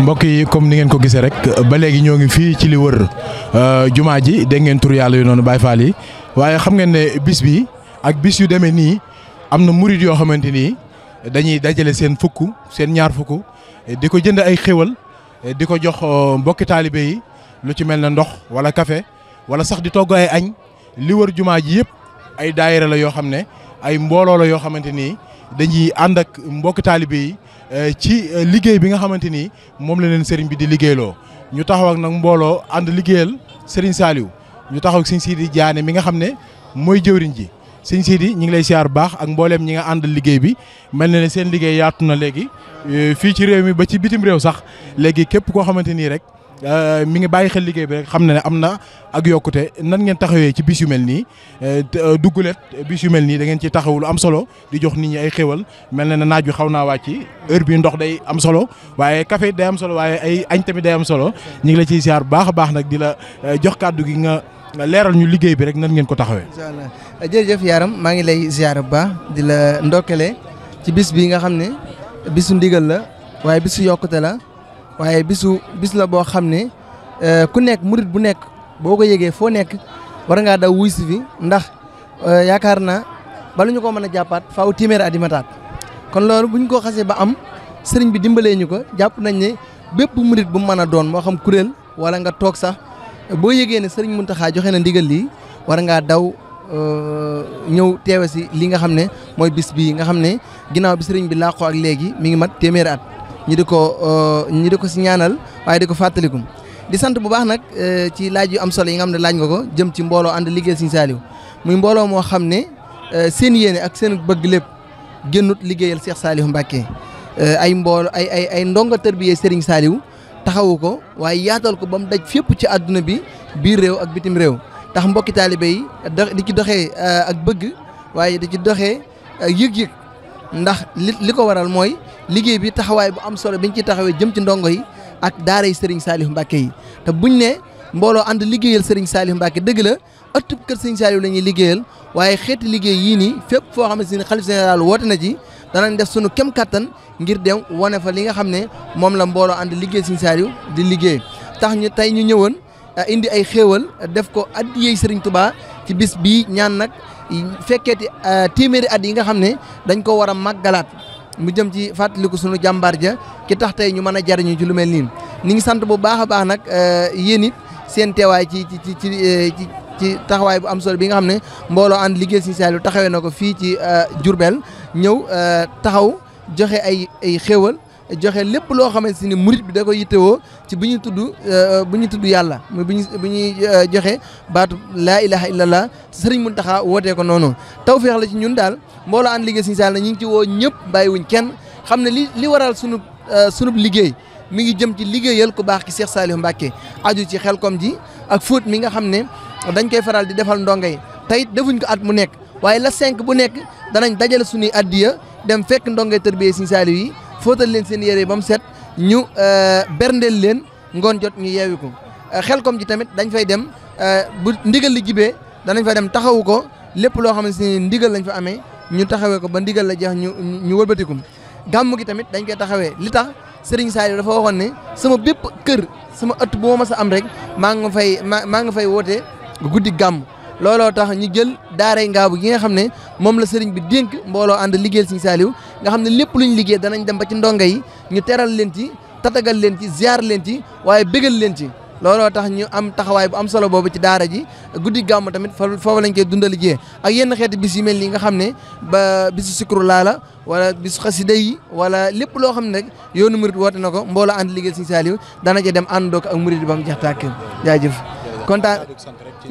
mbokk yi comme ni ngeen ko gisee rek ba léegi ñoo ngi fii ci li wër euh, jumaa ji dégg ngeen tur yàlla yu noonu Baye Fall yi waaye xam ngeen ne bis bi ak bis yu demee nii am na murit yoo xamante nii dañuy dajale seen fukk seen ñaar fukk di ko jënd ay xéwal di ko jox euh, mbokki taalibe yi lu ci mel ne ndox wala kafe wala sax di togg ay añ li wër jumaa ji yëpp ay daayira la yoo xam ne ay mbooloo la yoo xamante nii dañuy ànd ak mbokk taalibe yi euh, ci euh, liggéey bi nga xamante ni moom la leen sëriñ bi di liggéeyloo ñu taxaw ak nag mbooloo ànd liggéeyal sëriñ saaliw ñu taxaw siñ sëñ Sidi mi nga xam ne mooy jëwriñ ji sëñ Sidi ñu ngi lay siyaar baax ak mbooleem ñi nga àndal liggéey bi mel na ne seen liggéey yaatu na léegi euh, fii ci réew mi ba ci bitim réew sax léegi képp koo xamante nii rek. Euh, mi ngi bàyyi xel liggéey bi rek xam na ne am na ak yokkute nan ngeen taxawee ci bis yu mel nii euh, euh, duggulet bis yu mel nii da ngeen ci taxawu am solo di jox nit ñi ay xéwal mel na ne naaj wi xaw naa wàcc heure bi ndox day am solo waaye café day am solo waaye ay añ tamit day am solo ñu ngi la ciy siyaar bu baax a baax nag di la jox kàddu gi nga leeral ñu liggéey bi rek nan ngeen ko taxawee. incha allah jërëjëf Yaram maa ngi lay ziar bu baax di la ndokkale ci bis bi nga xam ne bisu ndigal la waaye bisu yokkute la. waaye bisu bis la boo xam ne eh, ku nekk murit bu nekk boo ko yëgee foo nekk war ngaa daw wuy si ndax eh, yaakaar naa balu ñu ko mën a jàppaat faaw téeméeri at yi mataat kon loolu bu ñu ko xasee ba am sëriñ bi dimbalee ñu ko jàpp nañ ne bépp murit bu mën a doon moo xam kuréel wala nga toog sax boo yëgee ne sëriñ Mountakha joxe na ndigal lii war ngaa daw eh, ñëw teewe si li nga xam ne mooy bis bii nga xam ne ginnaaw bi sëriñ bi làqoo ak léegi mi ngi mat téeméeri ñi di ko euh, ñi di ko si ñaanal waaye di ko fàttalikum di sant bu baax nag euh, ci laaj yu am solo yi nga xam ne laaj nga ko jëm ci mbooloo ànd liggéey Serigne Saliou muy mbooloo moo xam ne euh, seen yéene ak seen bëgg lépp génnut liggéeyal Cheikh Saliou Mbacké ay mboolo ay ay ay ndongo tërbiyee Serigne Saliou taxaw ko waaye yaatal ko ba mu daj fépp ci àdduna bi biir réew ak bitim réew tax mbokki taalibe yi di ci doxee ak bëgg waaye di ci doxe yëg-yëg ndax li ko waral mooy liggéey bi taxawaay bu am solo biñ ci taxawee jëm ci ndongo yi ak daara yi Serigne Saliou Mbacke yi te buñ ne mbooloo ànd liggéeyal Serigne Saliou Mbacke dëgg la ëttub kër Serigne Saliou la ñuy liggéeyal waaye xeeti liggéey yii nii fépp foo xam ne si xalif général woote na ci danañ def sunu kem kattan ngir dem wane fa li nga xam ne moom la mbooloo ànd liggéey Serigne Saliou di liggéey tax ñu tey ñu ñëwoon indi ay xéewal def ko addiyey Serigne Touba ci bis bii ñaan nag fekkeeti euh, téeméeri at yi nga xam ne dañ ko war a màggalaat mu jëm ci fàttaliku sunu jàmbaar ja ki tax tey ñu mën a jariñu ci lu mel nii ni ngi sant bu baax a baax nag euh, yéen it seen teewaay ci ci ci euh, ci ci taxawaay bu am solo bi nga xam ne mbooloo am liggéey Sëriñ Saliou taxawee na ko fii ci Diourbel ñëw taxaw joxe ay ay xéewal joxe lépp loo xamante ni murit bi da ko yittewoo ci bu ñuy tudd euh, bu ñuy tudd yàlla muy bu ñuy bu ñuy euh, joxe baatu laa ilaha illallah sëriñ Muntaxa wootee ko noonu tawféex la ci ñun daal mbooloo ànd liggéey Sëriñ Saaliw na ñu ngi ci woo ñëpp wuñ kenn xam ne li li waral sunu euh, sunub liggéey mi ngi jëm ci liggéeyal ku baax ki seex Saliou Mbacké aju ci xel xelkom ji ak fóot mi nga xam ne dañ koy faral di defal ndongo yi tey defuñ ko at mu nekk waaye la cinq bu nekk danañ dajale suñuy addiya dem fekk ndonge tërbiyee Sëriñ Saaliw yi fóotal leen seen yére ba mu set ñu euh, berndeel leen ngoon jot ñu yeewi ko euh, xel kom ji tamit dañ fay dem euh, bu ndigal li jibee danañ fay dem taxawu ko lépp loo xam ne ndigal lañ fa amee ñu taxawee ko ba ndigal la jeex ñu ñu wëlbatikum gàmm gi tamit dañ koy taxawee li tax Serigne Saliou dafa waxoon ne sama bépp kër sama ëtt bu ma mës am rek maa nga fay maa nga fay woote guddi gàmm loo tax ñu jël daaray ngaabu gi nga xam ne moom la sëriñ bi dénk mbooloo ànd liggéeyal Sëriñ Saaliw nga xam ne lépp luñ liggéey danañ dem ba ci ndonga yi ñu teral leen ci tatagal leen ci ziar leen ci waaye bégal leen ci loo tax ñu am taxawaay bu am solo boobu ci daara ji guddi gàmm tamit foofu lañ koy dundal jiyee ak yenn xeeti bis yu mel nii nga xam ne ba bisu sikru la wala bisu xasida yi wala lépp loo xam ne rek yoonu murit woote na ko mbooloo ànd liggéeyal Sëriñ Saaliw dana dem àndoo ko ak murit ba mu jeex tàkk jaajëf kontaan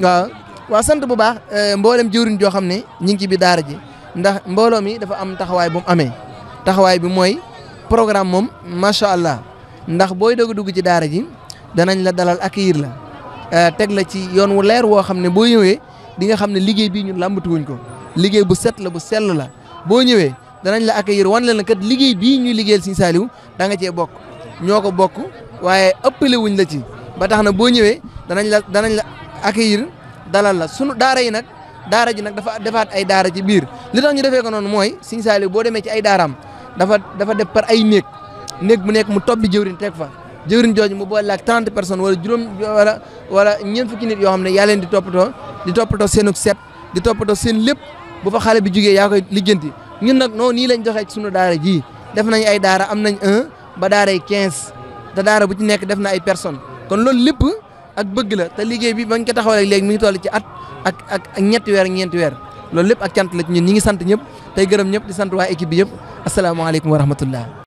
waaw waa sant bu baax eh, mboolem jëwriñ joo xam ne ñu ngi ci bi daara ji ndax mbooloo mi dafa am taxawaay bu mu amee taxawaay bi mooy programme moom macha allah ndax booy doog dugg ci daara ji danañ la dalal accueillir la eh, teg la ci yoon wu leer woo xam ne boo ñëwee di nga xam ne liggéey bii ñun làmbatuwuñ ko liggéey bu set la bu sell la boo ñëwee danañ la accueillir wan la ne kat liggéey bii ñuy liggéeyal Sëñ Saaliw da nga cee bokk ñoo ko bokk waaye ëpple wuñ la ci ba tax na boo ñëwee danañ la danañ la accueillir dalal la sunu daara yi nag daara ji nag dafa defaat ay daara ci biir li tax ñu defee ko noonu mooy Sëñ Saaliw boo demee ci ay daaraam dafa dafa def par ay néeg néeg bu nekk mu tobbi jëwrin teg fa jëwrin jooju mu boole ak trente personnes wala juróom wala wala ñeent fukki nit yoo xam ne yaa leen di toppatoo di toppatoo seenug set di toppatoo seen lépp bu fa xale bi jugee yaa koy lijjanti ñun nag noonu nii lañ joxee sunu daara ji def nañ ay daara am nañ un ba daaray quinze te daara bu ci nekk def na ay personnes kon loolu lépp ak bëgg la te liggéey bi bañ ko taxawalee léegi mi ngi toll ci at ak ak ñetti weer ñeenti weer loolu lépp ak cant la ci ñun ñi ngi sant ñëpp tey gërëm ñëpp di sant waa équipe bi yëpp asalaamaaleykum wa rahmatullah